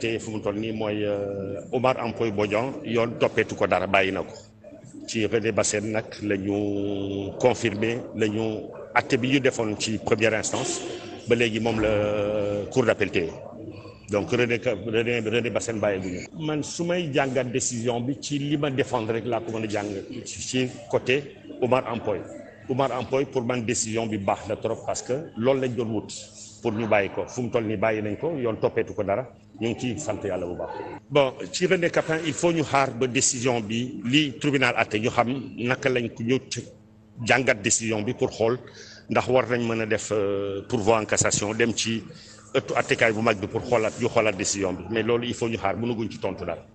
te fu mu toll nii mooy euh, Omar Ampoy Bodian yoon toppeetu ko dara bàyyi na ko ci René Bassène nag la ñu confirmé la ñu acte bi ñu defoon ci première instance ba léegi moom la euh, cour d'appel téye donc René René René Bassène bàyyi bu ñu man sumay may jàngat décision bi ci li ma défendre rek laa jàng ci côté Omar Ampoy Omar Ampoy pour man décision bi baax na trop parce que loolu lañ doon wut pour ñu bàyyi ko fu mu toll nii bàyyi nañ ko yoon toppeetu ko dara ñu ngi ciy sant yàlla bu baax. bon ci René Capin il faut ñu xaar ba décision bi lii tribunal ate ñu xam naka lañ ko ñu jàngat décision bi pour xool ndax war nañ mën a def euh, pourvoi en cassation dem ci ëttu attekaay bu mag bi pour xoolaat ñu xoolaat décision bi mais loolu il faut ñu xaar mënaguñ ci tontu daal.